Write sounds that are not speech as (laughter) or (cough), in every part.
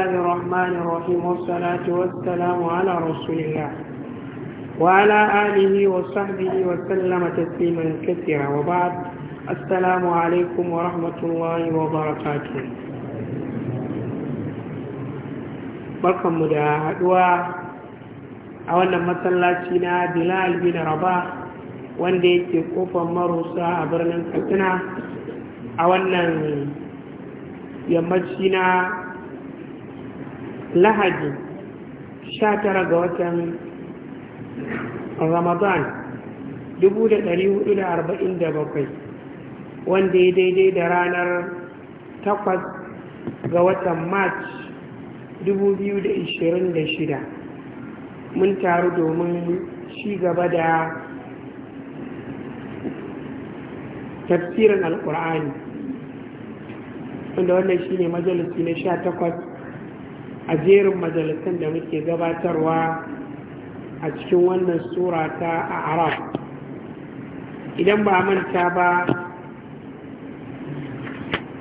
الله الرحمن الرحيم والصلاة والسلام على رسول الله وعلى آله وصحبه وسلم تسليما كثيرا وبعد السلام عليكم ورحمة الله وبركاته barkanmu da haɗuwa a wannan masallaci na bilal bin raba wanda yake kofar marusa a birnin katsina a wannan yammaci na lahadi sha tara ga watan ramadan dubu da da da arba'in bakwai, wanda ya daidai da ranar takwas ga watan march shida, mun taru domin ci gaba da tafsirin alkur'ani wanda wannan shi ne majalisi na sha takwas. a jerin majalisan da muke gabatarwa a cikin wannan sura ta a arab idan ba manta ba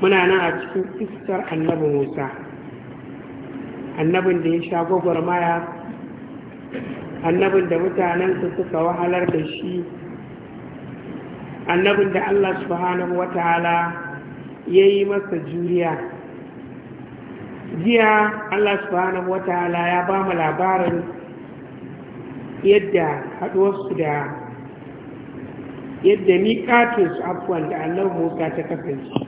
muna nan a cikin iskar annabi musa annabin da ya sha gwagwarmaya annabin da mutanensa suka wahalar da shi annabin da allah subhanahu wa ta'ala ya yi masa juriya jiya Allah subhanahu wataala ya ba mu labarin yadda haɗuwarsu da yadda su afuwan da Allah Musa ta kafinsu,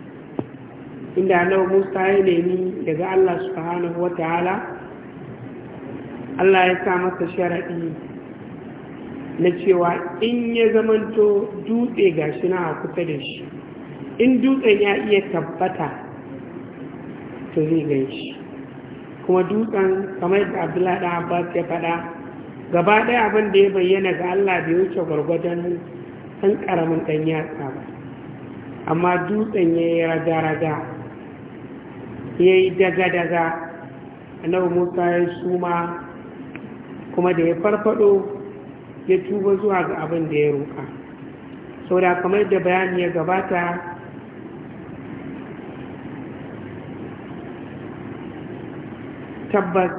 inda Allah Musa ya nemi daga Allah subhanahu wataala Allah ya sa masa sharaɗi na cewa in ya zamanto dutse gashi na a kusa da shi in dutsen ya iya tabbata to zai gan kuma dutsen kamar da abdullahi ɗan abbas ya faɗa gaba ɗaya abin da ya bayyana ga allah bai wuce gwargwadon ɗan ƙaramin ɗan yatsa ba amma dutsen ya yi raga-raga ya yi daga-daga annabi musa ya suma kuma da ya farfado ya tuba zuwa ga abin da ya roƙa sau da kamar da bayani ya gabata tabbas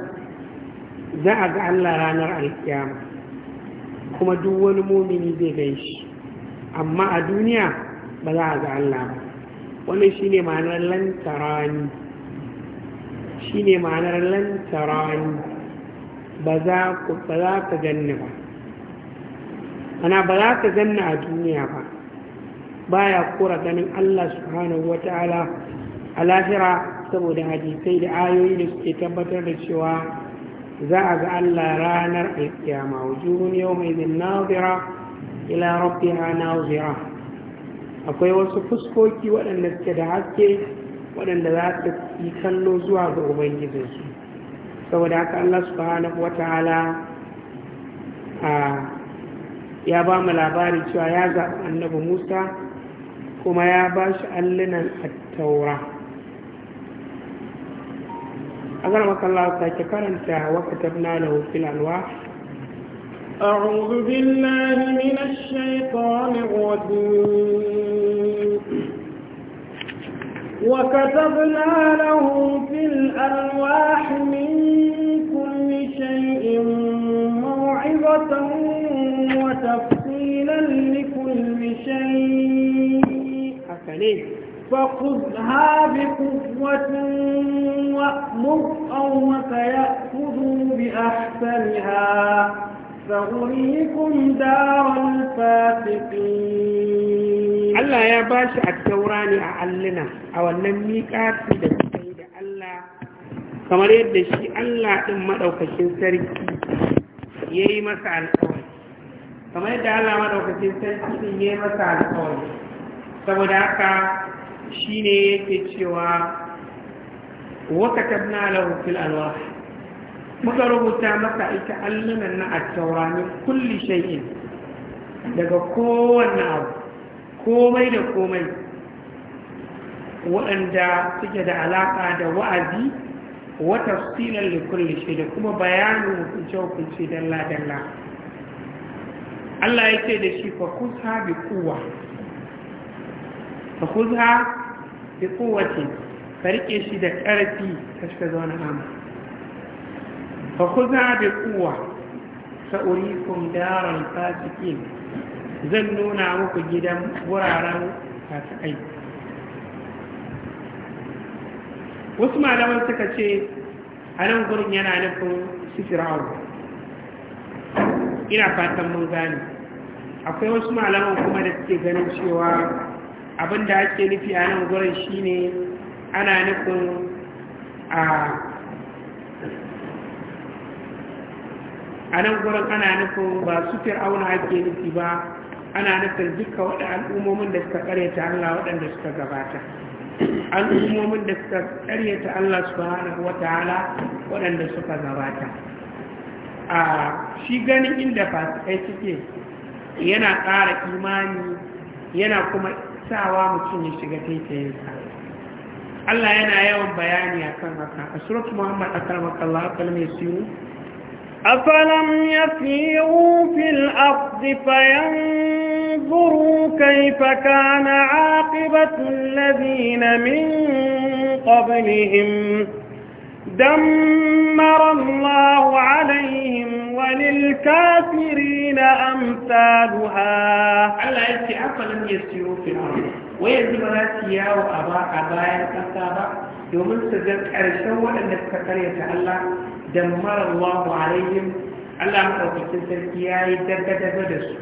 za a ga Allah ranar alkiyama kuma duk wani mumini zai gan shi amma a duniya ba za a ga Allah ba Wani shi ne ma'anar lantarani shi ne ma'anar lantarani ba za ka ganni ba ana ba za ka ganni a duniya ba baya kura ganin Allah subhanahu wa ta'ala a lahira saboda hadisai da ayoyi da suke tabbatar da cewa za a ga Allah ranar alkiyama wujuhun mai zin nazira ila ha nazira akwai wasu fuskoki waɗanda suke da haske waɗanda za su yi kallo zuwa ga ubangijinsu saboda haka Allah subhanahu wataala ya ba mu labari cewa ya zaɓi annabi Musa kuma ya ba shi allunan attaura أقرأ الله ساكي كرنتا وكتبنا له في الألواح أعوذ بالله من الشيطان الرجيم وكتبنا له في الألواح من كل شيء موعظة وتفصيلا لكل شيء فخذها بقوة وأمر قومك يأخذوا بأحسنها سأريكم دار الفاسقين الله يا باشا التوراني أعلنا أو النميكات في دكتين الله kamar yadda shi Allah ɗin maɗaukacin sarki ya yi masa alƙawari kamar yadda Allah maɗaukacin sarki ɗin ya yi masa alƙawari saboda haka shine yake cewa tabna lahu fil alwah muka rubuta maka ita allunan na at tawrani kulli shay'in daga kowanne abu komai da komai waɗanda suke da alaƙa da wa'azi wa tafsilan li kulli shay da kuma bayanin hukunce hukunce dalla dalla Allah yake da shi fa kusa bi kuwa fa kusa da kowace ka rike shi da ƙarfi ta shiga zaune amma Ba ku za bi kowa kun daren fasiki zan nuna muku gidan wuraren aiki. wasu malaman suka ce a nan gurin yana nufin su ina fatan mun gane akwai wasu malaman kuma da suke ganin cewa abinda ake nufi a nan gurin shine ana nufin a a nan gurin ana nufin ba su fir'auna ake nufi ba ana nufin duka waɗa al'ummomin da suka karyata Allah waɗanda suka gabata al'ummomin da suka karyata Allah subhanahu hala waɗanda suka gabata a shi ganin inda fasikai suke yana ƙara imani yana kuma sawa mutum ya shiga taitayinsa Allah yana yawan bayani a kan haka a surat Muhammad a karmakallah akal mai siyo أفلم يسيروا في الأرض فينظروا كيف كان عاقبة الذين من قبلهم دمر الله عليهم وللكافرين أمثالها ألا يأتي أفلم يسيروا في الأرض zuba أن يسيروا أبا أبايا bayan يوم سجد domin وأن تكرية الله دمر الله عليهم Allah maɗaukakin sarki ya yi daga da su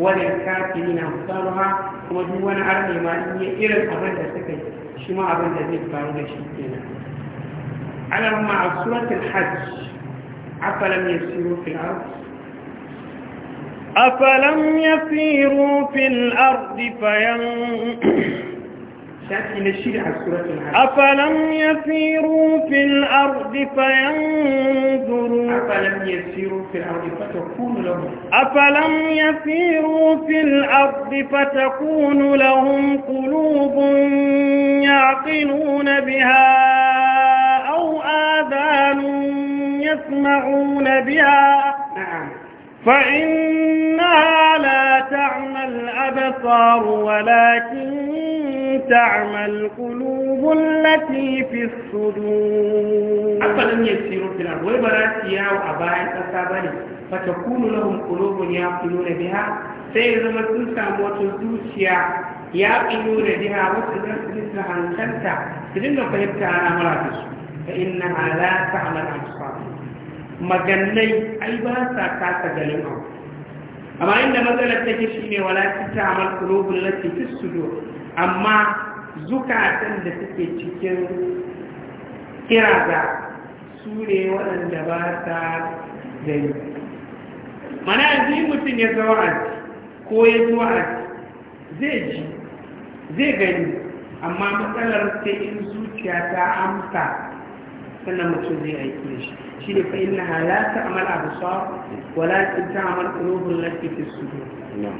wani kafiri na musamman kuma duk wani arne ma iya irin suka yi ma zai faru da shi kenan على مع سورة الحج أفلم يسيروا في الأرض أفلم يسيروا في الأرض فين أفلم يسيروا في الأرض فينظروا أفلم يسيروا في الأرض فتكون لهم أفلم يسيروا في الأرض فتكون لهم قلوب يعقلون بها أو آذان يسمعون بها نعم. فإنها لا تعمى الأبصار ولكن تعمى القلوب التي في الصدور أفلم يسيروا في الأرض وبرات ياو أبائك فتكون لهم قلوب يعقلون بها سيزم موت الدوشيا يعقلون بها وتزوجها هنشلتا تدل فهمت على مراتش fa innaha la ta'mal absar magannai ai ba sa kasa galima. abu amma inda matsalar take shine wala ta'mal qulubul lati fi sudur amma zukatan da suke cikin kiraza su waɗanda ba sa gani mana mutum ya zama aji ko ya zuwa aji zai ji zai gani amma matsalar sai in zuciya ta amsa كنا مكتوب أي كيش شيري فإنها لا تعمل أبصار ولكن تعمل قلوب التي في السجود نعم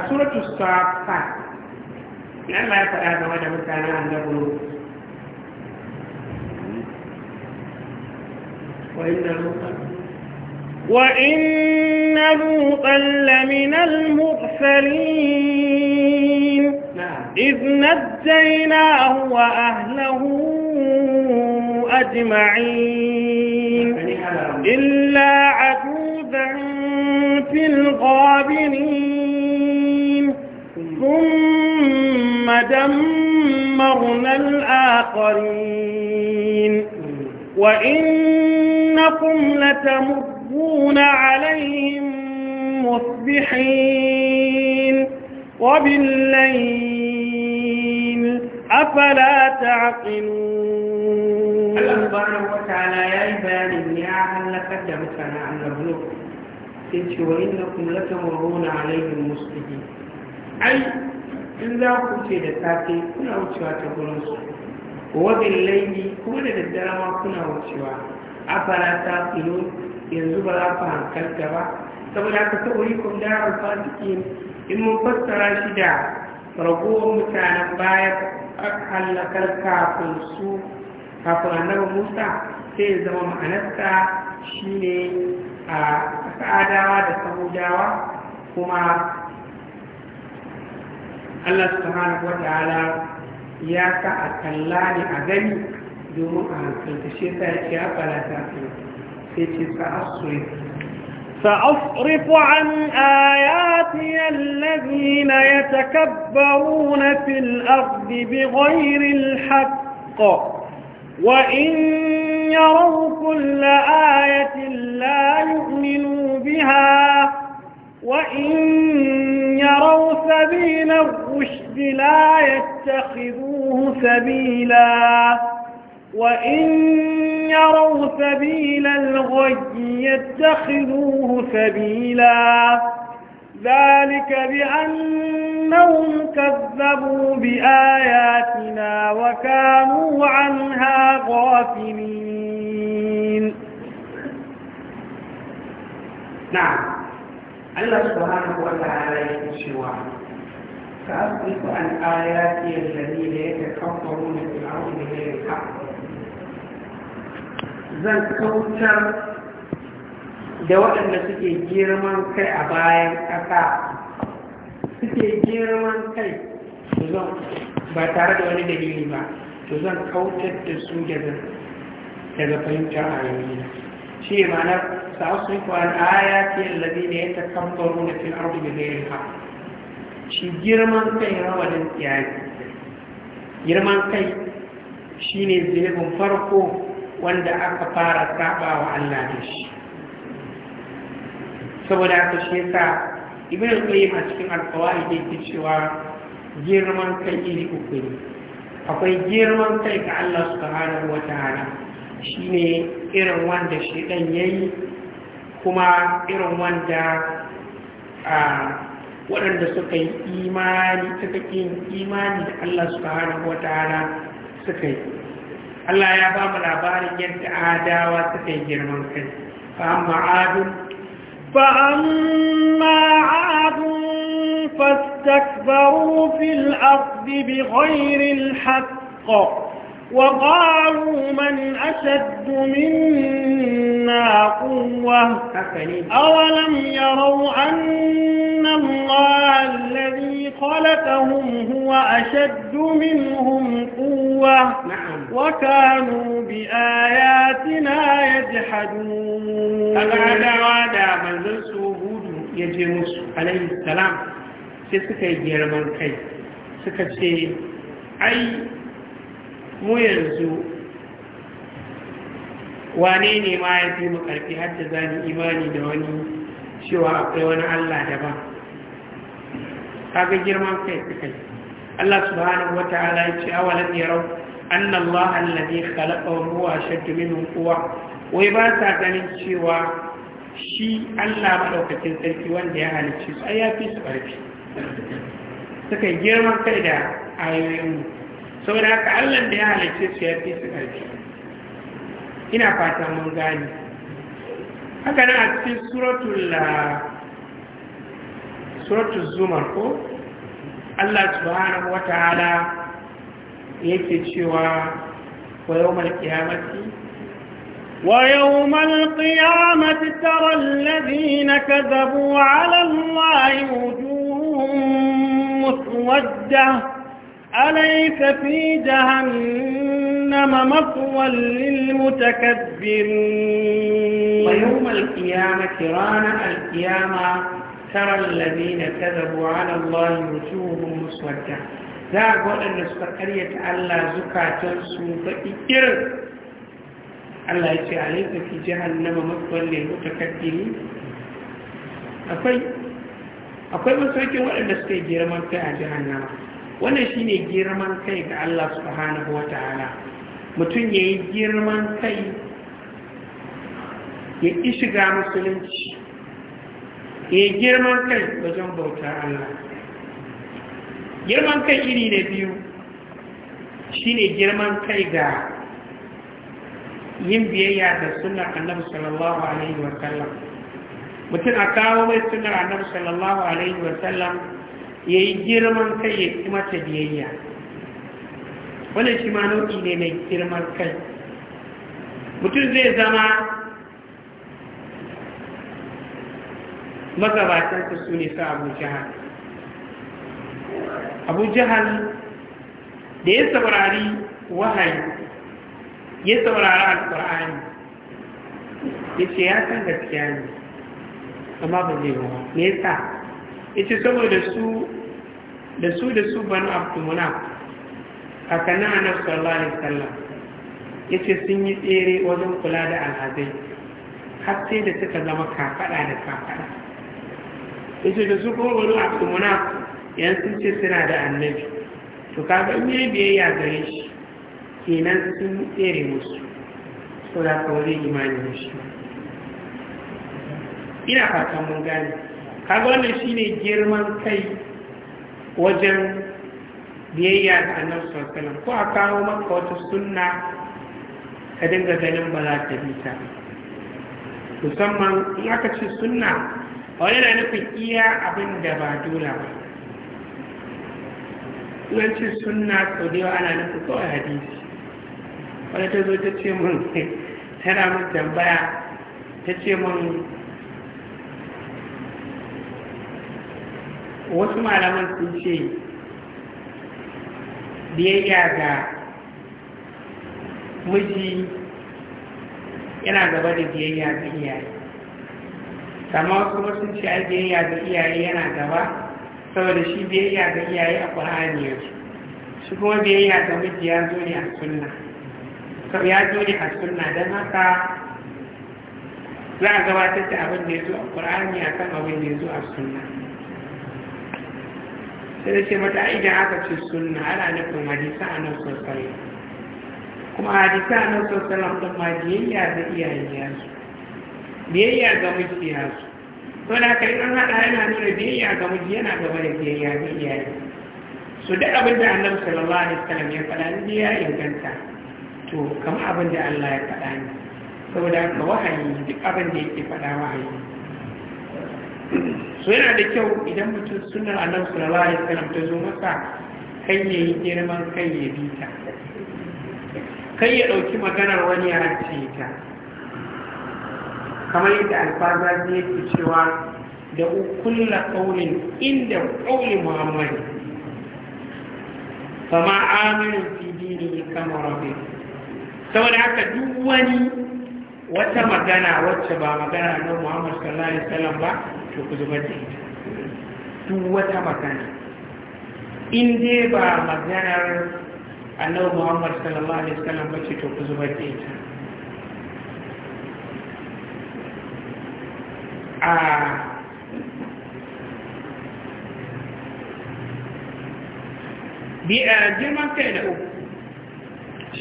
السورة الصافات لما نعم، ما يفعل هذا وجه مكانا عند قلوب وإن لوطا وإن لوطا لمن المغفلين إذ نجيناه وأهله أجمعين إلا عجوزا في الغابرين ثم دمرنا الآخرين وإنكم لتمرون عليهم مصبحين وبالليل أفلا تعقلون الله سبحانه وتعالى يا إباني يا أهل لك مثلا عن نبلغ سيتي وإنكم لتمرون عليهم مسلمين أي in za ku ce da safe kuna wucewa ta gurinsu wabin laili kuma da daddare ma kuna wucewa a farata filo yanzu ba za ku hankalta ba saboda ka sauri kun da alfasikin in mun fassara shi da ragowar mutanen baya aka hallakar kafin su kafin annabi musa sai zama ma'anarsa shine a sa'adawa da samudawa kuma allah su kamar ta'ala ya ka a kalla ne a gani domin a hankalta shi ta ya ce a fara ta sai ce sa'asuri سأصرف عن آياتي الذين يتكبرون في الأرض بغير الحق وإن يروا كل آية لا يؤمنوا بها وإن يروا سبيل الرشد لا يتخذوه سبيلاً وإن يروا سبيل الغي يتخذوه سبيلا ذلك بأنهم كذبوا بآياتنا وكانوا عنها غافلين نعم الله سبحانه وتعالى يشوع فأصدق عن آياتي الذين يتكبرون في الأرض بغير الحق zan kautar da waɗanda suke girman kai a bayan ƙasa suke girman kai su zan ba tare da wani dalili ba to zan kautar da su daga fahimtar ayoyi shi ne ma'anar sa'asuku an ayati alladhina yatakabbaruna fil da bighayri ha shi girman kai rawanin yayi girman kai shi ne zinibin farko wanda aka fara saba wa Allah da shi saboda haka shi yasa ibn qayyim a cikin al-qawaid yake cewa girman kai iri uku ne akwai girman kai ga Allah subhanahu wa ta'ala shine irin wanda shi dan yayi kuma irin wanda a waɗanda suka yi imani suka imani da Allah subhanahu wa ta'ala suka yi Allah ya ba mu labarin yadda adawa suka yi girman kai fa'amma adun fastakbaru fil bi ghairil haqq وقالوا من أشد منا قوة أولم يروا أن الله الذي خلقهم هو أشد منهم قوة وكانوا بآياتنا يجحدون هذا وعد من ذلسه يجمس عليه السلام sai suka yi girman kai suka ce ai mu yanzu wane ne ma ya fi mu karfi har da zani imani da wani cewa akwai wani Allah daban kaga girman kai kai Allah subhanahu ta'ala ya ce awalan yarau anna Allah alladhi kalaɓa huwa ashaddu minhum quwwa wai ba sa ganin cewa shi Allah madaukakin sarki wanda ya halicci su ai ya fi su karfi suka girman kai da ayoyin mu saboda haka allan da ya halice su ya fi su ƙarfi ina fata mun gani haka na a cikin ah, suratul zumar ko allah subhanahu Wata'ala ta'ala yake cewa wa yau malkiyamati ويوم القيامة ترى الذين كذبوا على الله وجوههم مسودة أليس في جهنم مثوى للمتكبرين ويوم القيامة رانا القيامة ترى الذين كذبوا على الله وجوههم مسودة ذاك وأن استقرية الله زكاة سوء Allah ya ce alaika fi jahannama matsuwan lil mutakabbiri akwai akwai masaukin waɗanda suka yi girman kai a jahannama wannan shi ne girman kai ga Allah subhanahu wa ta'ala mutum ya yi girman kai ya ƙi shiga musulunci ya yi girman kai wajen bauta Allah girman kai iri na biyu shi ne girman kai ga yin biyayya da sunar annabi sallallahu alaihi wasallam mutum a kawo mai sunar annabi sallallahu alaihi wasallam ya yi girman kai ya ci mata biyayya Wani shi ma nau'i ne mai girman kai mutum zai zama magabatansa su ne sa abu jihar abu jihar da ya saurari wahayi ya saurari alkur'ani ya ce ya san gaskiya ne amma ba zai ba ne yasa ya ce saboda su da su da su bani abdulmuna a kana annabi sallallahu alaihi ya yace sun yi tsere wajen kula da alhazai har sai da suka zama kafaɗa da kafaɗa, kafada ce da su kuma wani abdulmuna yan sun ce suna da annabi to kaga in yayi biyayya gare shi kenan sun tsere musu so da kawai imani da shi ina fatan mun gane kaga wannan shine girman kai wajen biyayya da annabi sallallahu ko a kawo maka wata sunna ka dinga ganin ba za ta bi ta musamman in aka ce sunna a wani na nufin iya abin da ba dole ba nan ce sunna sau da yawa ana nufin kawai hadisi wani ta zo ta ce mun (laughs) tana mun tambaya ta ce mun wasu malaman sun ce biyayya ga miji yana gaba da biyayya ga iyaye kama kuma sun ce ai biyayya ga iyaye yana gaba saboda shi biyayya ga iyaye a ƙwararriya ya shi kuma biyayya ga miji ya zo ne a sunna ya zo ne a sunna don haka za a gabatar da abin da ya zo a ƙwararriya a kan abin da ya zo a sunna sai ce mata idan aka ce sunna ana nufin hadisa a nan sosai kuma hadisa a nan sosai ɗin ma biyayya ga iyayen yasu biyayya ga miji yasu to da aka yi an haɗa yana nuna biyayya ga miji yana gaba da biyayya ga iyaye Su duk abin da annabi sallallahu alaihi wasallam ya faɗa ni ya inganta to kamar abin da Allah ya faɗa ni saboda ka wahayi duk abin da yake faɗa wahayi so yana da kyau idan mutum sunan annabi sallallahu alaihi wasallam ta zo masa kai ya yi girman kai ya bi ta kai ya ɗauki maganar wani ya ce ta kamar yadda alfaza ya yake cewa da kulla ƙaunin inda ƙaunin muhammadu fama aminin fi dini kama rabe saboda haka duk wani wata magana wacce ba magana na muhammadu sallallahu alaihi wasallam ba to ku zubar da ita duk wata magana in dai ba maganar annabi muhammad sallallahu alaihi wasallam ba ce to ku zubar da ita a girman kai da uku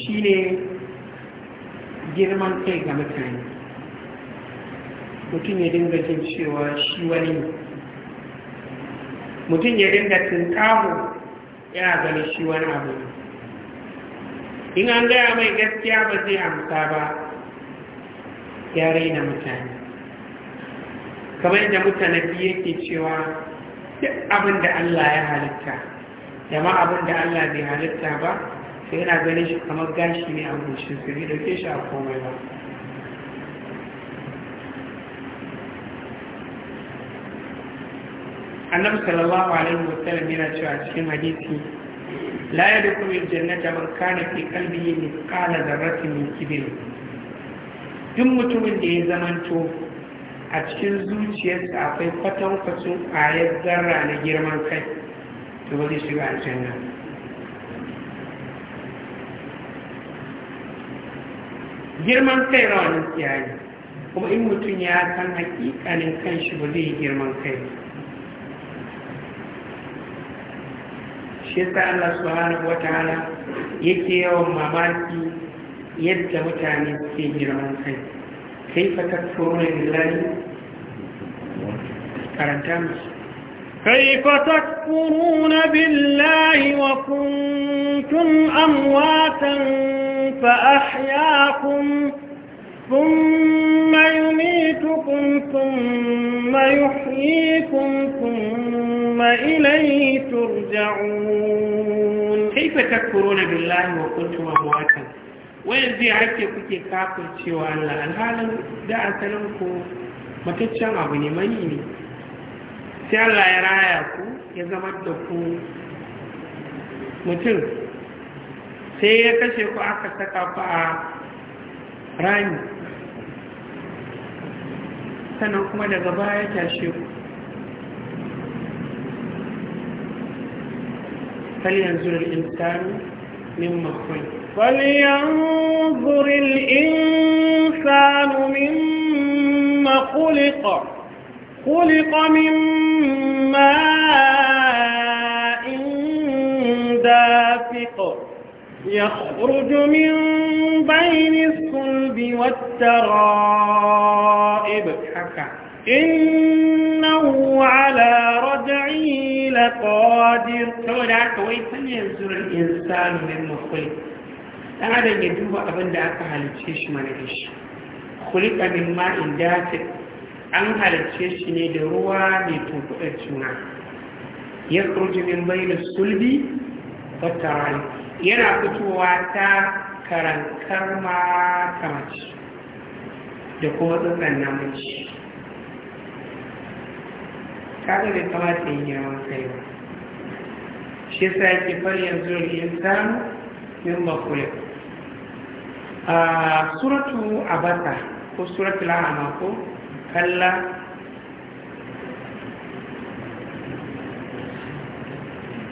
shine girman kai ga mutane mutum ya dinga jin cewa shi wani mutum ya dinga yana ganin shi wani abu in an gaya mai gaskiya ba zai amsa ba ya raina mutane kamar yadda mutane biyu yake cewa duk abin da Allah ya halitta ma abin da Allah bai halitta ba sai yana ganin shi kamar gashi ne a gushin su bai dauke shi a komai ba annabi sallallahu alaihi sallam yana cewa cikin hadisi la yadkhulu aljannata man kana fi qalbihi mithqala dharratin min kibir duk mutumin da ya zamanto a cikin zuciyarsa akwai kwatankwacin ƙwayar zarra na girman kai to ba zai shiga aljanna girman kai rawanin tsiyayi kuma in mutum ya san hakikanin kanshi ba zai yi girman kai ba shi yasa Allah subhanahu wataala yake yawan mamaki yadda mutane ke girman kai Kai kaifa takfuruna billahi karanta musu كيف تكفرون بالله وكنتم أمواتا فأحياكم ثم يميتكم ثم يحييكم ثم إليه ترجعون كيف تكفرون بالله وكنتم أمواتا ويزي عكي كي كافر شوى الله الحال دعا سلمكم mataccen abu ne mani ne sai Allah ya raya ku ya zama da ku mutum sai ya kashe ku aka saka ku a rami sannan kuma daga baya tashe ku فلينظر الإنسان مما خلق فلينظر الإنسان مما خلق خلق مما يخرج من بين الصلب والترائب إنه على رجعي لقادر تولى كوي فليزر الإنسان من مخلق هذا يدوب أبن دعك هل تشيش من إيش خلق من ماء داتك أم هل تشيش ندروا بتوقع يخرج من بين الصلب والترائب yana fitowa ta karankar mata mace da kuma tsuntsan namiji ta bai kamata yi girman kai ba shi sa yake faryar yin samu min bakure a suratu abata ko suratu lahama ko kalla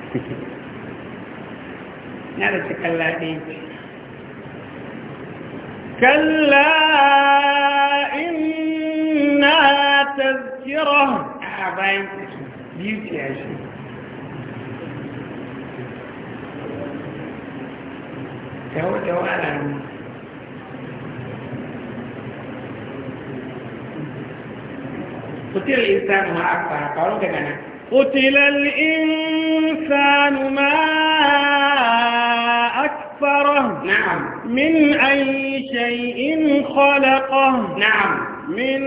Thank (laughs) you. نعرف كلا دي كلا إنها تذكرة عبين آه، بيوتي عشان تهو تهو على قتل الإنسان ما أقفى قالوا كذلك قتل الإنسان ما نعم من أي شيء خلقه نعم من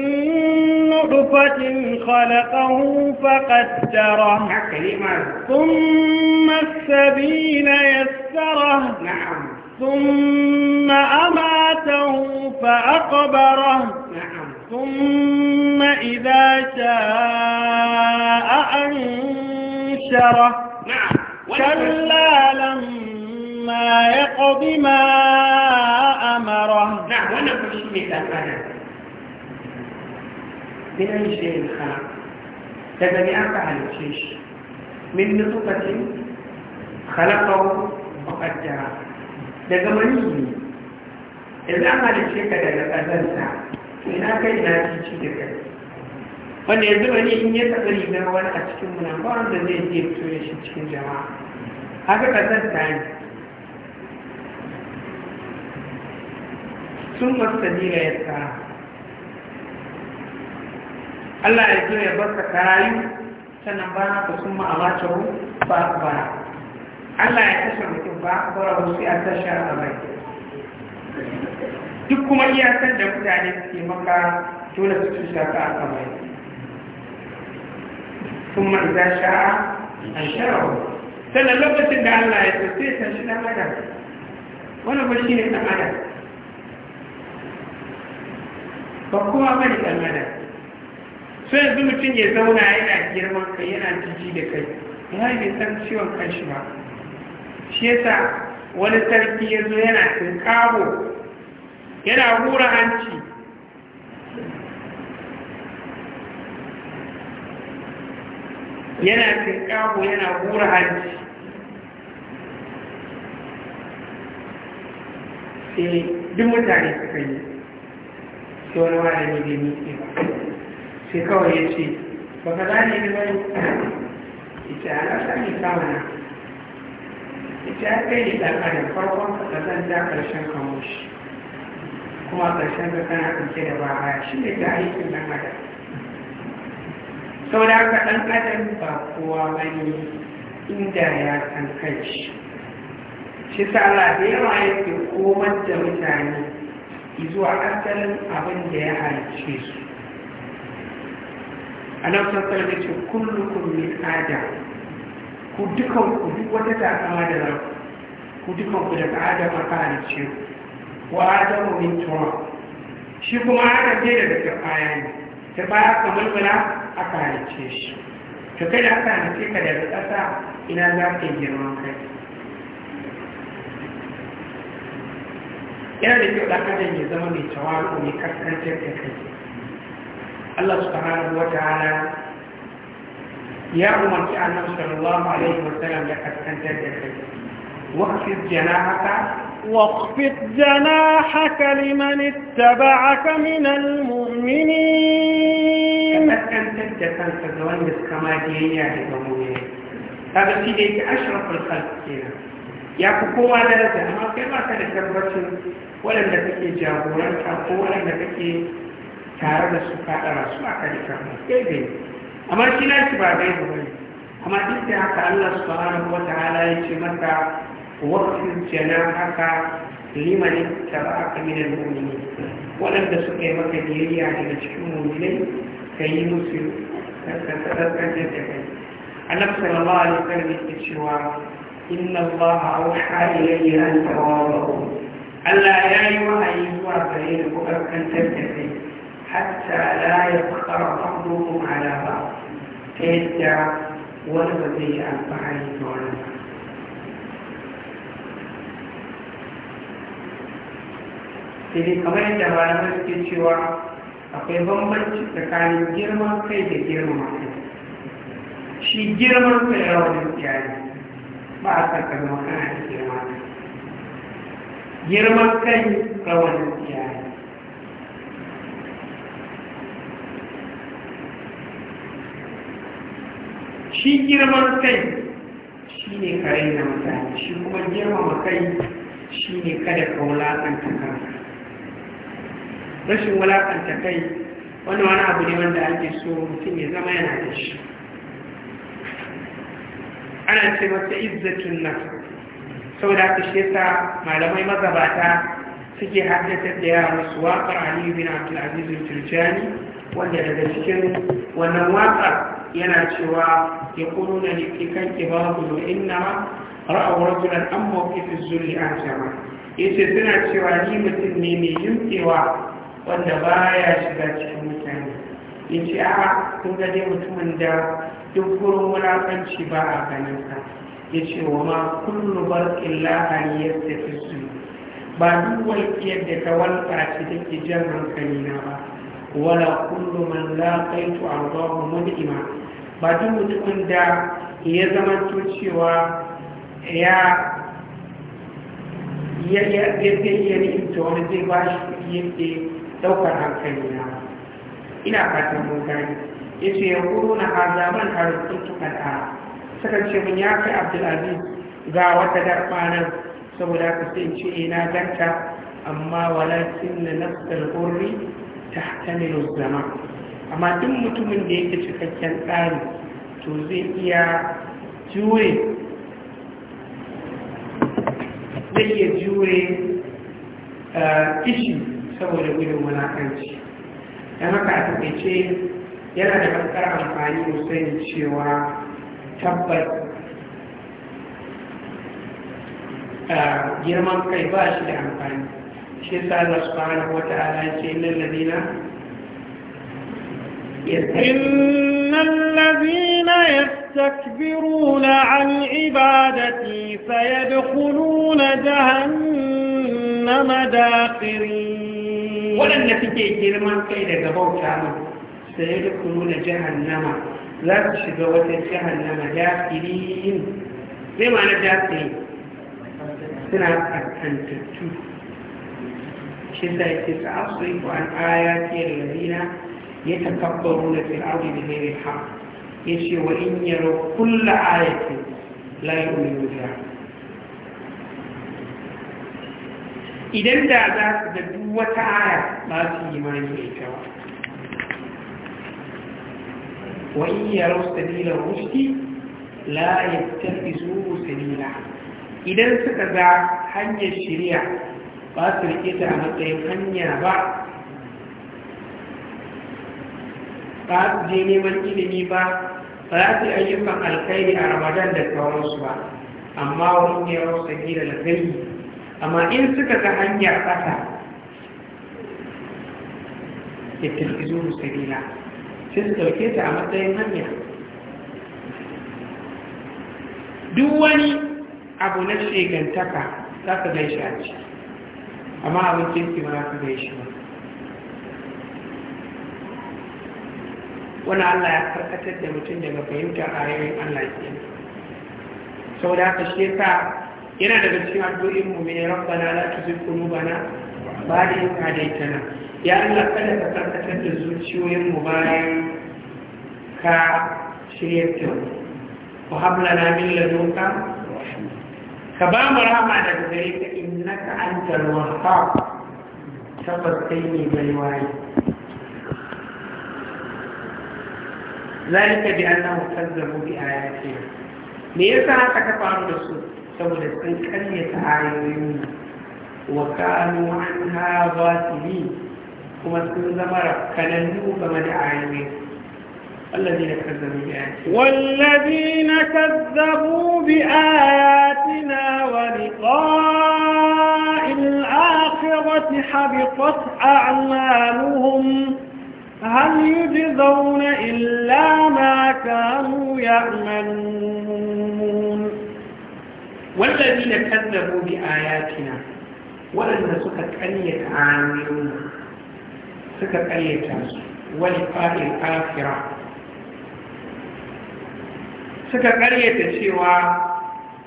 نطفة خلقه فقدره ثم السبيل يسره نعم ثم أماته فأقبره نعم ثم إذا شاء أنشره نعم كلا لما ما يقضي ما أمره نعم وانا كل شيء لأنا من أي شيء خلق تبني أفعل شيء من نطفة خلقه وقدره daga ne. idan halice ka daga ƙazanta ina kai na cici da kai wanda yanzu wani in ya taɓa rigar wani a cikin muna ba wanda zai iya fito ya shi cikin jama'a haka ƙazanta ne sun da ya tsara Allah ya zo ya barka karayu sannan ba ka sun ma'awa cewa ba ku bara Allah ya kashe mutum ba bara wasu ya tashi a bai duk kuma iyakar da mutane suke maka dole su ci shaka a bai sun manza sha'a a sharawa sannan lokacin da Allah ya so sai san shi ɗan adam wani ba shi ne ɗan adam ba kowa bane ɗan adam so yanzu mutum ya zauna yana girman kai yana jiji da kai ya bai san ciwon kanshi ba shi yasa wani sarki ya zo yana kawo yana hura hanci yana kawo yana hura hanci sai duk mutane suka yi sai wani malami bai miƙe ba sai kawai ya ce ba ka zane ne ba ita ce ala sani kama na ya kai ne ɗan farkon ka zan da ƙarshen kamushi. kuma ƙarshen ka kana ɗauke da baya shi ne da aikin ɗan adam sau da aka ɗan adam ba kowa ba ne inda ya san kai shi shi sa Allah da yawa yake komar da mutane zuwa asalin abin da ya halice su anan sassar da ce kullukun mai tsada ku dukan ku duk wata takama da nan ku dukan ku daga adam ka halice ku wa adamu min tuwa shi kuma adam dai daga tafaya ne baya kamar mula aka halice shi Ta kai da aka halice ka daga ƙasa ina za ka yi girman kai yana da kyau ɗan adam ya zama mai tawaru mai kaskantar da kai Allah subhanahu wa ta'ala ya umarci annabi sallallahu alaihi wa sallam ya kaskantar da kai waqfid janahaka واخفض جناحك لمن اتبعك من المؤمنين هذا سيدي أشرف الخلق كده ya fi kowa da daraja amma kai ba ka da tabbacin waɗanda kake jagoranta ko waɗanda kake tare da su kaɗara su a kan karnu sai dai amma shi na shi ba zai da wani amma duk da haka Allah subhanahu wataala ya ce masa waqtin janahaka liman tabaka min al-mu'minin waɗanda suka yi maka biyayya daga cikin mu'minai ka yi musu ka tsarkake da kai annabi sallallahu alaihi wasallam ya ce cewa إن الله أوحى إلي أن تواضعوا ألا يا أيها الذين كفروا أن تبتغي حتى لا يفخر بعضكم على بعض فيدع ونبذي أنفعي معنا Jadi kamar yang jawab anda kecewa, apa yang bumbung tekan jerman ke jerman. Si jerman ke orang yang ba a saka makan a girma girman kai ga wani iyaye shi girman kai shi ne kare na mutane shi kuma girmama kai shi ne kada ka wulaƙanta kanka rashin wulaƙanta kai wani wani abu ne wanda ake so mutum ya zama yana da shi ana ce mata izzatun nan saboda haka shi ta malamai mazabata suke haddata da yara su waƙar aliyu bin abdulaziz turjani wanda daga cikin wannan waƙar yana cewa ya kuru na likikan ibabu da inna ra'awar rajulan an mawkifi zuri an jama ce suna cewa ni mutum ne mai yunkewa wanda baya shiga cikin mutane ce a kun ga mutumin da duk gurin wulakanci ba a ganin ya ce wa ma kullu barkin lahari ya ta su ba duk walƙiyar da ta walƙa ce ke jan hankali na ba wala kullu man la kaitu ardahu mud'ima ba duk mutumin da ya zama cewa ya ya ya ya ta wani zai ba shi yake ɗaukar hankali na ina fatan mun gani ya ce ya kuro na man harin tukan a suka ce mun ya kai abdulaziz ga wata darbanar saboda ka sai ce ina eh, ganta amma walakin na nafsar hurri ta hatamilu zama amma duk mutumin da yake cikakken tsari to zai iya jure zai iya jure eh, ishi saboda gudun wulakanci Ya haka a takaice yana da matuƙar amfani mu sani cewa tabbat girman kai ba shi da amfani shi yasa Allah subhanahu wata'ala ya ce innal ladina إن الذين يستكبرون عن عبادتي سيدخلون جهنم داخرين ولن نتيجة جرمان كيدا قبوتا sai da kuma jahannama za su shiga wata jahannama dafirin zai ma na dafirin suna kaskantattu shi sa yake ta asiri ko an aya ce da lalina ya takabbaru na fir'audi da zai ha ya ce wa in yaro kulla ayatin la yi idan da za su da duk wata aya ba su yi imani da ita ba وإن يروا سبيل الرشد لا يتخذوه سبيلا إذا سكذا حج الشريعة قاتل إذا مطيب حنيا بعض ba su je neman ilimi ba ba za su yi ayyukan alkhairi a ramadan da sauransu ba amma wani ne wasu gida da amma in suka ga hanyar ƙasa ya tafi sabila Sun su ɗauke ta a matsayin hanya duk wani abu na shegantaka za ka gaishe a ciki amma abincin ki ma za ka gaishe ba wani Allah ya karkatar da mutum daga fahimtar ayoyin Allah ke sau da aka shi ta yana daga cikin addu'in mu mai rabbana la tuzigh qulubana ba'da idh tana. ya Allah kada ka karkatar da zuciyoyin mu bayan ka shirya ta ku habla na min ladunka ka ba mu rahama daga gare ka innaka antal wahhab tabbas kai ne mai waye ذلك بأنهم كذبوا بآياتنا ليس هذا كفار الرسول سوى الإنسان كان يتعايرون وكانوا عنها غافلين kuma sun zama rafkanannu game da ayoyi الذين كذبوا بآياتنا والذين كذبوا بآياتنا ولقاء الآخرة حبطت أعمالهم هل يجزون إلا ما كانوا يعملون والذين كذبوا بآياتنا ولن سكت أن يتعاملون suka ƙayyata su wani fa'il kafira suka karyata cewa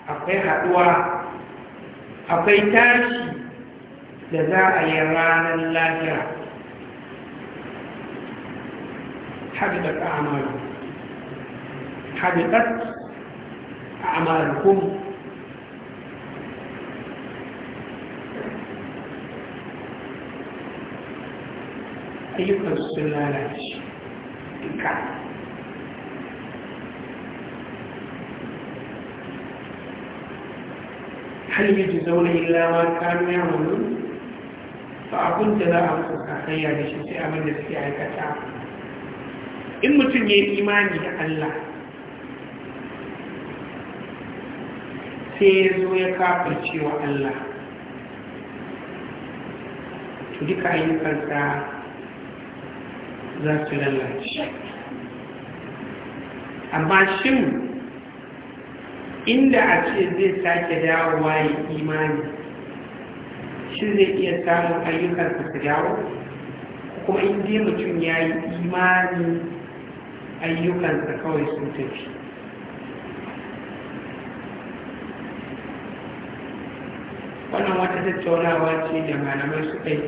akwai haɗuwa akwai tashi da za a yi ranar lahira haɗuɗar amalu haɗuɗar amalarkun ayyukan sun lalace duka ya yi ji zaune ilawa kanu wani ba abin da za a musu kakayya da shi sai abin da suke aikata in mutum ya yi imani da allah sai ya zo ya kafirce wa allah duka ayyukansa za su lalace amma shin inda a ce zai sake dawowa ya imani shi zai iya samun ayyukan su dawo kuma inda mutum ya yi imani ayyukansa kawai sun tafi wannan wata tattaunawa ce da malamai su kai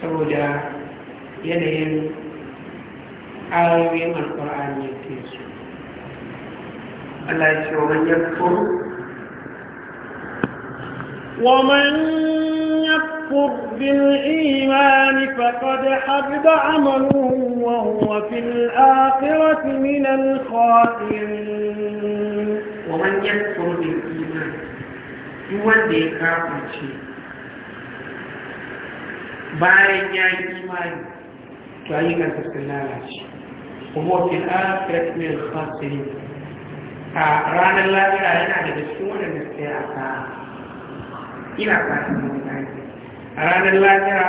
saboda yanayin عاوين القرآن يكيس الله يسير من يكفر ومن يكفر بالإيمان فقد حبد عمله وهو في الآخرة من الخاسرين ومن يكفر بالإيمان يودي كافتي bayan ya yi imani to ayyukan وهو في الآخرة من الخاسرين رانا الله إلى أنا بسوء المستيعفاء إلى فاتح المتعين A ranar lafiya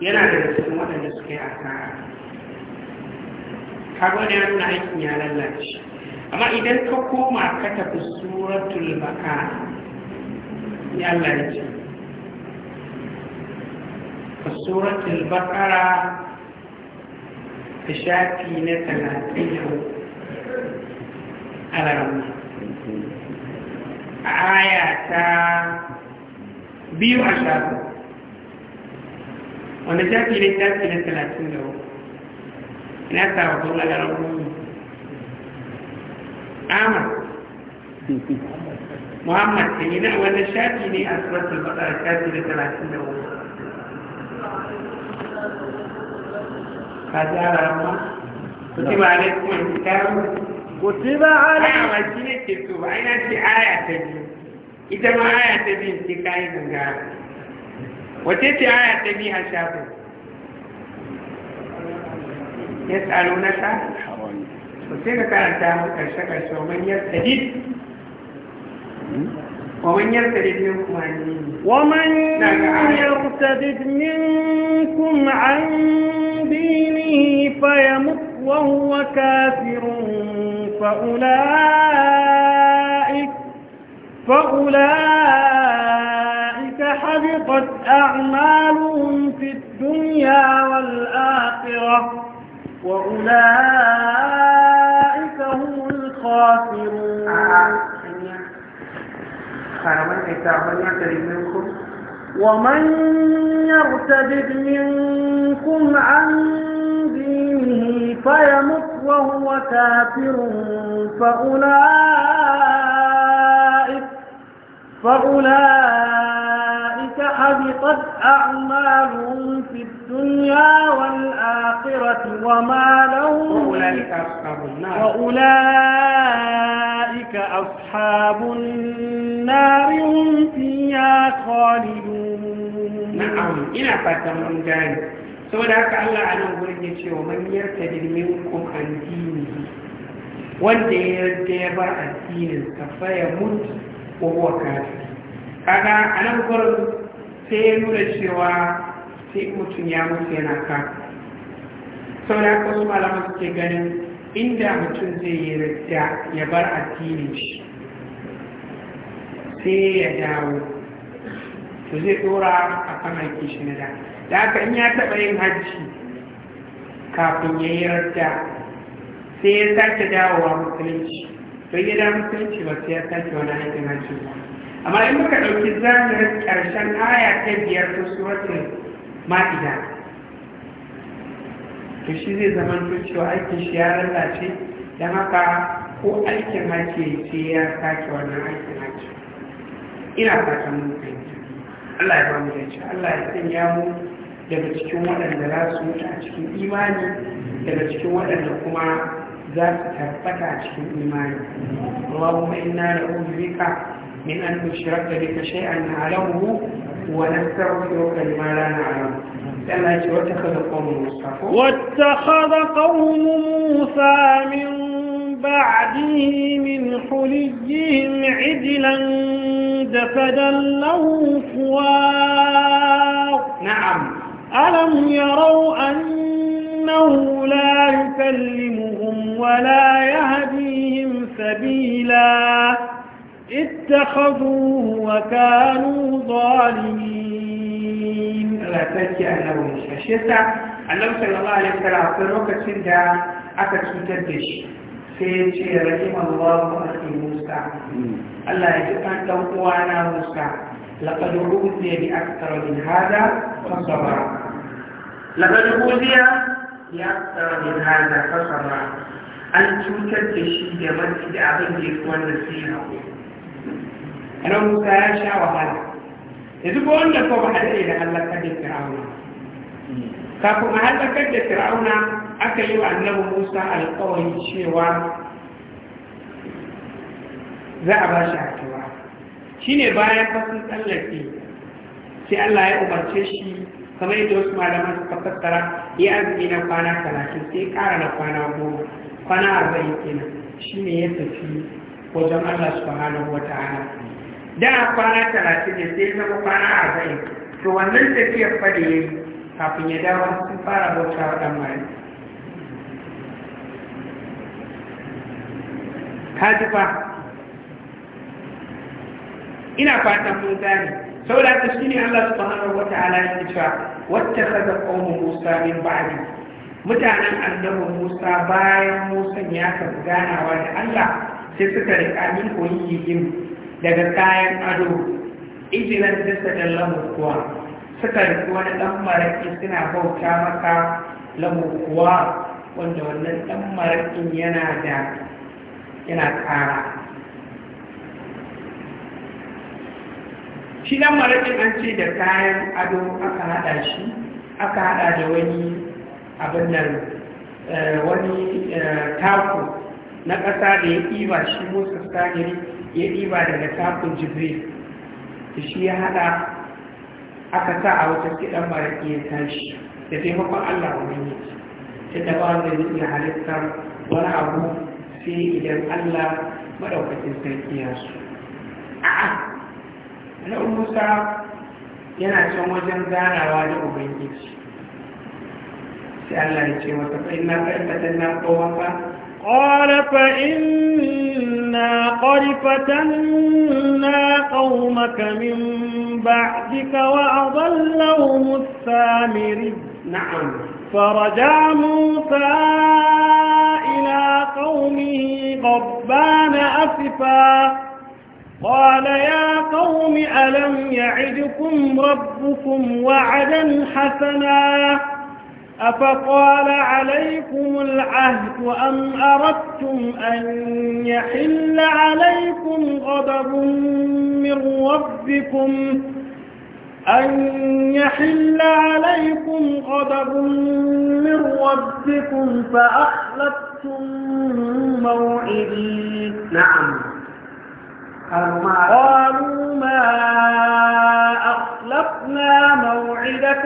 yana da cikin waɗanda suka yi asara kaga wani yana aikin ya lalace amma idan ka koma ka tafi suratul baka ya lalace suratul bakara da shafi na talatin da alamu a aya ta biyu a shafi wanda shafi ne shafi na talatin da ina sababbin alamu amur muhammad ta yi na wanda shafi ne a suratul bakar shafi na talatin da ka ji ana amma kuti ba ne kuma ki kayan kuti ba ana amma shi ne ke ina ita ma ce ya tsaro na ta sai ka karanta mu karshe karshe man yastadid ومن يرتد منكم عن ومن يرتد منكم عن دينه فيمت وهو كافر فأولئك فأولئك حبطت أعمالهم في الدنيا والآخرة وأولئك هم الخاسرون ومن يرتد منكم عن دينه فيمت وهو كافر فأولئك, فأولئك حبطت أعمالهم في الدنيا والآخرة وما لهم وأولئك أصحاب النار وأولئك هم فيها خالدون نعم إلى فتم جانب saboda haka Allah a nan gurin ya ce wa man yarta dirmin wanda ya yarda ya bar addinin ka fa ya mutu wa huwa kafir kaga a gurin sai ya nuna cewa sai mutum ya mutu yana ka sau da aka wasu alama suke ganin inda mutum zai yi rajja ya bar addinin shi sai ya dawo to zai dora a kamar aiki shi na da da aka in ya taɓa yin hajji kafin ya yi rajja sai ya sake dawowa musulunci bai yi da musulunci ba sai ya sake wani aikin hajji ba amma in muka ɗauki zahirar ƙarshen aya ta biyar ta suratun ma'ida to shi zai zama to cewa aikin shi ya lalace don haka ko aikin hake ce ya sake wannan aikin hake ina fata mun fahimta Allah ya ba mu dace Allah ya sanya mu daga cikin waɗanda za su mutu a cikin imani daga cikin waɗanda kuma za su tabbata a cikin imani Allahumma inna na'udhu bika من أن تشرك بك شيئا نعلمه ونستغفرك لما لا نعلم واتخذ قوم موسى واتخذ قوم موسى من بعده من حليهم عجلا جسدا له فوار نعم ألم يروا أنه لا يكلمهم ولا يهديهم سبيلا اتخذوه وكانوا ظالمين لا أنه مش أشيسا النبي صلى الله عليه وسلم في الوقت سندا أكد ستدش سيتي رحم الله أخي موسى الله يجب أن موسى لقد أوذي بأكثر من هذا فصبر لقد أوذي بأكثر من هذا فصبر أن تتدشي بمسجد أبن يكون نسيحه annabi Musa ya sha wahala yanzu ko wanda ko ba hadari da halakar da Fir'auna kafin a halakar da Fir'auna aka yi wa annabi Musa alƙawarin cewa za a ba shi hatuwa shine bayan fasin tsallake sai Allah ya umarce shi kamar yadda wasu malaman suka fassara ya azumi na kwana talatin sai ƙara na kwana goma kwana arba'in kenan shine ya tafi wajen Allah subhanahu wa ta'ala da kwana talatin ne sai zama kwana arba'in to wannan tafiyar fa da ya yi kafin ya dawo sun fara bauta wa ɗan mari hajjifa ina fatan mun gane ta shi ne Allah wata wataala ya cewa wattakhadha qaumu Musa min ba'adi mutanen annabi Musa bayan Musa ya tafi ganawa da Allah sai suka rika min koyi yin daga kayan ado ijiran jasa da lamukuwa suka rufu wani ɗan maraƙi suna bauta maka lamukuwa wanda wannan ɗan maraƙin yana da yana ƙara shi ɗan maraƙin an ce da kayan ado aka haɗa shi aka haɗa da wani abin nan eh, wani eh, taku na ƙasa da ya ɗiba shi musa sagiri ya ɗiba daga kafin jibril da shi ya haɗa aka sa a wata kiɗan maraƙi ya tashi da taimakon allah wa mai yi da ba zai halittar wani abu sai idan allah maɗaukacin sarki ya su a'a na musa yana can wajen ganawa da ubangiji sai allah ya ce masa fa'in na fa'in na ɗauwa قال فإنا قد فتنا قومك من بعدك وأضلهم الثامر نعم فرجع موسى إلى قومه غضبان أسفا قال يا قوم ألم يعدكم ربكم وعدا حسنا أفقال عليكم العهد أم أردتم أن يحل عليكم غضب من ربكم أن يحل عليكم غضب من ربكم فأخلفتم موعدي نعم قالوا ما أخلفنا موعدي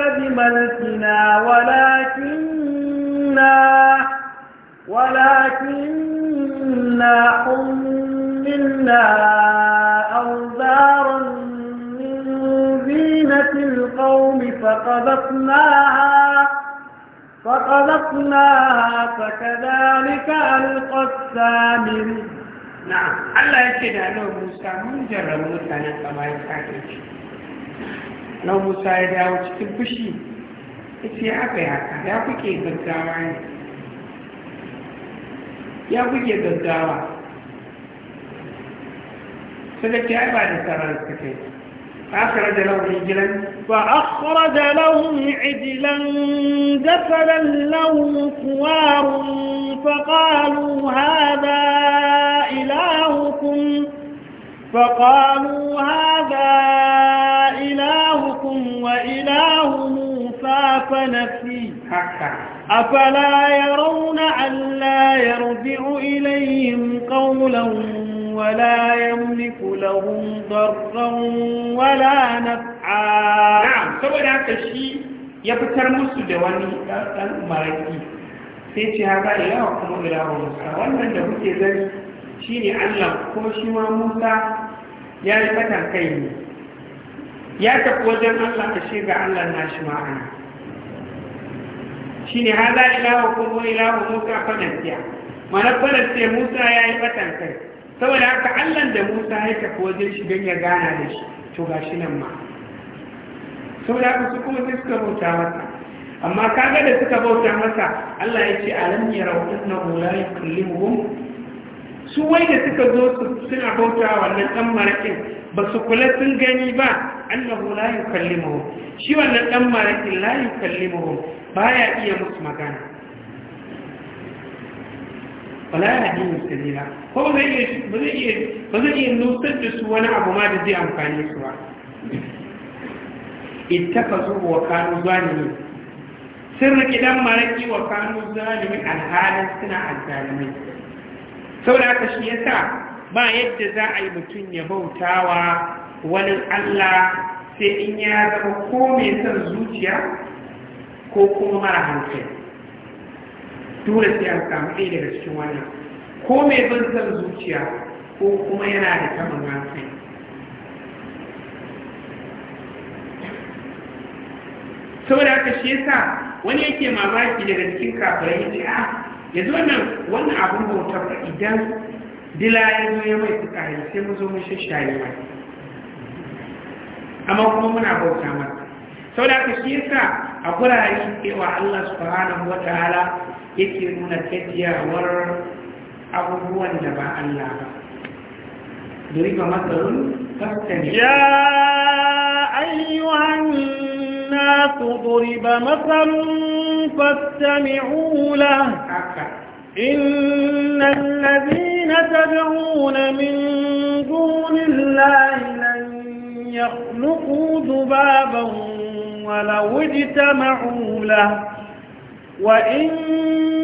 لك بملكنا ولكننا ولكننا حملنا أوزارا من زينة القوم فقذفناها فقذفناها فكذلك ألقى السامري نعم الله يكيد أنه موسى من جرى موسى نتبع na musa ya dawo cikin fushi ita ya haka ya haka ya kuke gaggawa ne ya kuke gaggawa suka ce ke. ba da tsarar suka فأخرج لهم عجلا فأخرج لهم عجلا جسدا له خوار فقالوا هذا إلهكم فقالوا هذا ربكم وإله موسى فنسي أفلا يرون ألا يرجع إليهم قولا ولا يملك لهم ضرا ولا نفعا نعم سوى ذلك الشيء يبتر مسجد واني مركي سيتي هذا إلهكم إله موسى وأن ده كذلك شيء الله كما شما موسى يا يعني فتن كيني ya tafi wajen Allah a ga Allah na shi ma'ana shi ne haza ilawa kuma ilawa musa falastiya mana falastiya musa ya yi batan kai saboda haka Allah da musa ya tafi wajen shi don ya gana da shi to ga shi nan ma saboda haka su kuma sai suka bauta masa amma kaga da suka bauta masa Allah ya ce alam yarau annahu la yukallimuhum su wai da suka zo suna bauta wannan ɗan marakin ba su kula sun gani ba annahu la yukallimuhum shi wannan dan marakin la yukallimuhum baya iya musu magana wala yahdihi sabila ko ba zai ba zai iya ba zai iya nutsar da su wani abu ma da zai amfani su ba ittafazu wa kanu zalimi sun rike dan maraki wa kanu zalimi alhalin suna azzalimai saboda haka shi yasa ba yadda za a yi mutum ya bautawa wani Allah sai in ya zama ko mai son zuciya ko kuma mara hankali dole sai an samu ɗaya daga cikin wannan ko mai bin son zuciya ko kuma yana da kamar hankali saboda haka shi yasa wani yake mamaki daga cikin kafirai ya ce ah zo nan wannan abin bautar idan dila ya zo ya mai suka sai mu zo mu shashaye mai amma kuma muna bauta mata sau da aka shi yasa a gurare cewa Allah subhanahu wa ta'ala yake nuna tafiyawar abubuwan da ba Allah ba duriba matsalun fastani ya ayyuhan الناس ضرب مثل فاستمعوا له إن الذين تدعون من دون الله يخلقوا ذبابا ولو اجتمعوا له وإن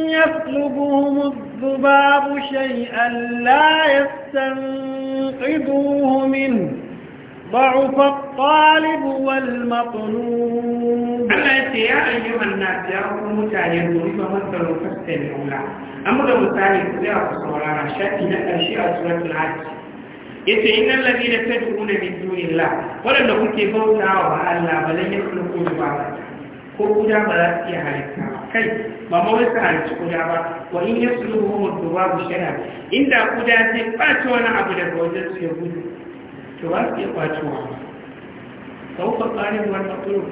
يسلبهم الذباب شيئا لا يستنقذوه منه ضعف الطالب والمطلوب أما يا أيها الناس يا رب تعليم ضريبة مثل فاستمعوا له أمر مثالي كذلك صورة على شأن أشياء سورة العجل yace innal ladina tad'una min dunillah wadanda kuke bautawa ba Allah ba lan yakhluqu ba ko kuda ba za su iya halitta ba kai ba ma wasu su halitta kuda ba wa in yasluhu mutu babu shara inda kuda zai ɓaci wani abu da wajen su ya gudu to ba su iya wa ba sau ka tsarin wani kuro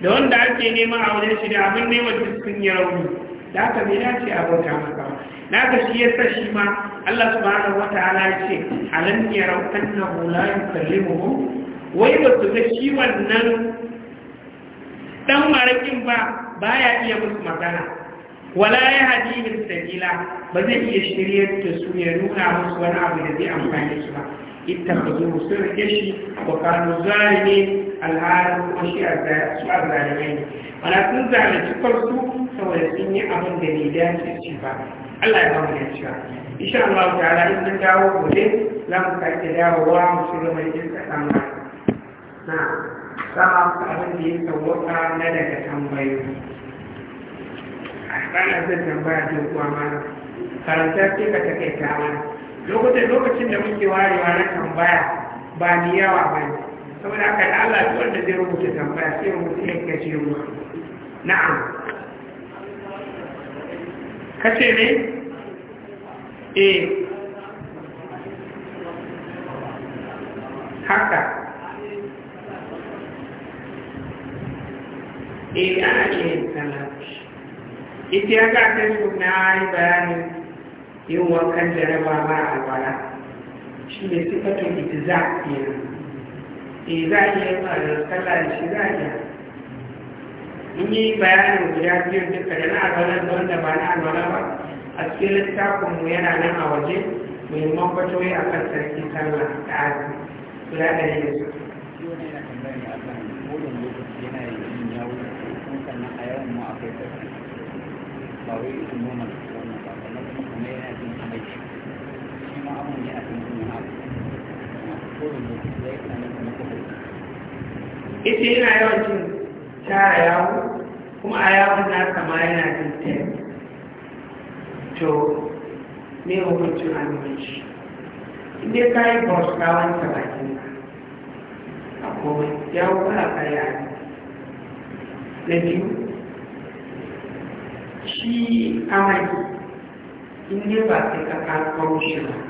da wanda ake nema a wajen shi da abin neman duk sun yi rauni da aka bai dace a bauta masa ba na ga shi san shi ma Allah subhanahu ta'ala ya ce alam yarau annahu la yukallimuhu wai ba su ga shi wannan dan marakin ba baya iya musu magana wala ya min sabila ba zai iya shiryar da su ya nuna musu wani abu da zai amfani su ba ittakhadhu sirrin shi wa kanu zalimin alhalin kuma shi su azzalimai ne mana sun zalunci farko saboda sun yi abin da bai dace ci ba Allah ya ba mu dacewa insha Allah ta'ala in mun dawo gobe za mu sake dawowa mu shiga mai jin kaɗan ma na sama ku abin da ya sauwaka na daga tambayoyi a ranar zai tambaya jin kuwa mana karanta ce ka takaita mana lokacin lokacin da muke warewa na tambaya ba ni yawa ba ne saboda aka da Allah ta wanda zai rubuta tambaya sai rubuta ya kace mu na'am ce ne eh haka eh ana yin sallah ita ga Facebook na yi bayanin yin wankan jaraba ba alwala shi ne sifatun itiza iya? e za a iya yin sallah da shi za a iya in yi bayanin guda biyun duka da na alwala da wanda ba na alwala ba a cikin littafin mu yana nan a waje mai makwatoyi a kan sarki sallah da azumi guda ɗari da su ba wai ita yana yawan cin tara yawo kuma a yawon na kama yana jin tem to ne hukuncin aminci inda ka yi bauta wanta bakin a komai yawo kuna kare na biyu shi amai inda ba sai ka kakon shi ba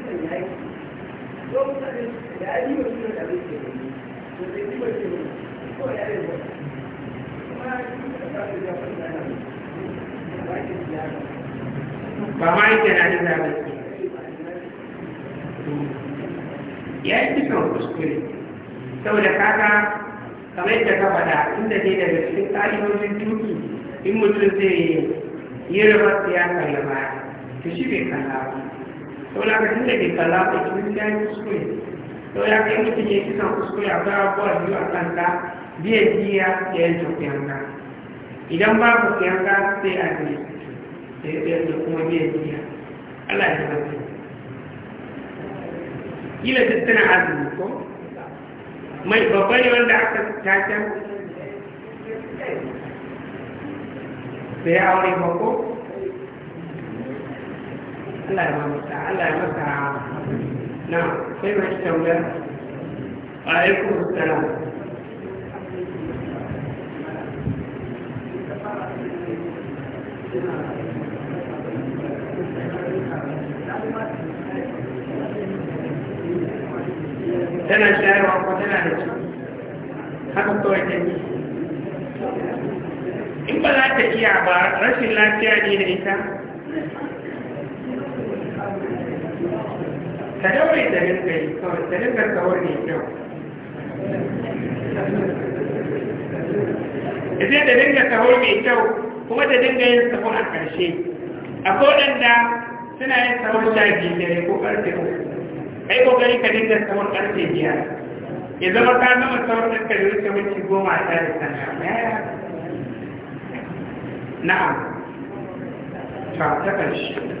ba ma yake na jin daɗi ya yi cikin kuskure saboda kaka kamar yadda ka faɗa inda ne daga cikin ƙa'idojin duki in mutum zai yi rabar ya baya to shi bai kalla ba saboda ka tun da ke kalla ba ya yi kuskure to ya kai mutum ya kisan kuskure a ga abuwa biyu a kansa biya biya ya yanke kuyanga idan babu kuyanga sai a biya sai da kuma biya biya Allah ya zama kila tattana azumi ko mai babban wanda aka tace sai aure ba ko Allah ya masa Allah ya masa na sai mai tambaya a yi kuma tsara tana shayarwa ko tana haka kawai ta yi in ba iya rashin lafiya ne da ita ka daure da rinka yi kawai da rinka kawar ne kyau idan da dinga sahur mai kyau kuma da dinga yin sahur a ƙarshe akwai waɗanda suna yin sahur sha biyu da ko ƙarfe uku kai kokari ka dinga sahur ƙarfe biyar ya zama ka zama sahur ɗin ka zuwa minti goma a tare sana'a na'am ta ta ƙarshe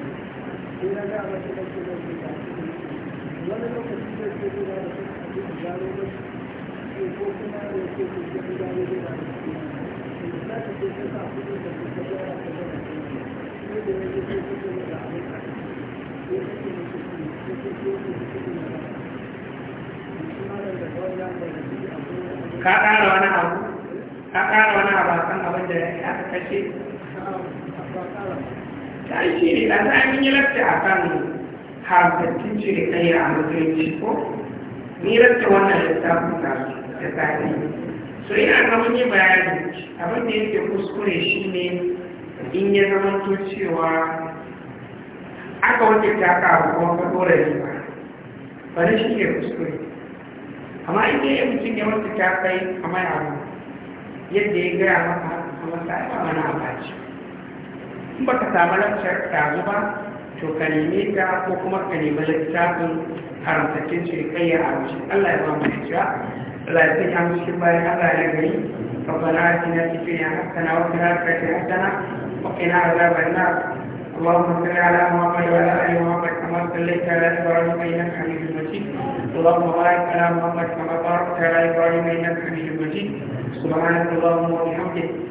ka ƙara wani abu ka ƙara wani abu a kan abin da ya aka kashe ta ce ne da ta yi lafiya a kan harzattin cire kai a musulunci ko ni rasta wannan littafin da da tsari so ina ga mun yi bayani abin da yake kuskure ne, in ya zama to cewa aka wuce ta ka kuma ka dora yi ba bari shi ne kuskure amma in yi mutum ya wuce ta kai kamar abu yadda ya gaya maka kamar ta ba mana abaci baka samu lantar tazu ba to ka neme ta ko kuma ka nemi littafin karantattun shirkaiya a wuce allah ya ba mu shirya allah ya fiye hannu shi bayan ya gari a cikin yanki na sana na sana ko ina a na kuma mun fi ala ma ba yi wala ayi ma ba kamar tsalle ta rai ba rai mai nan kuma mun ba yi kuma mun fi ala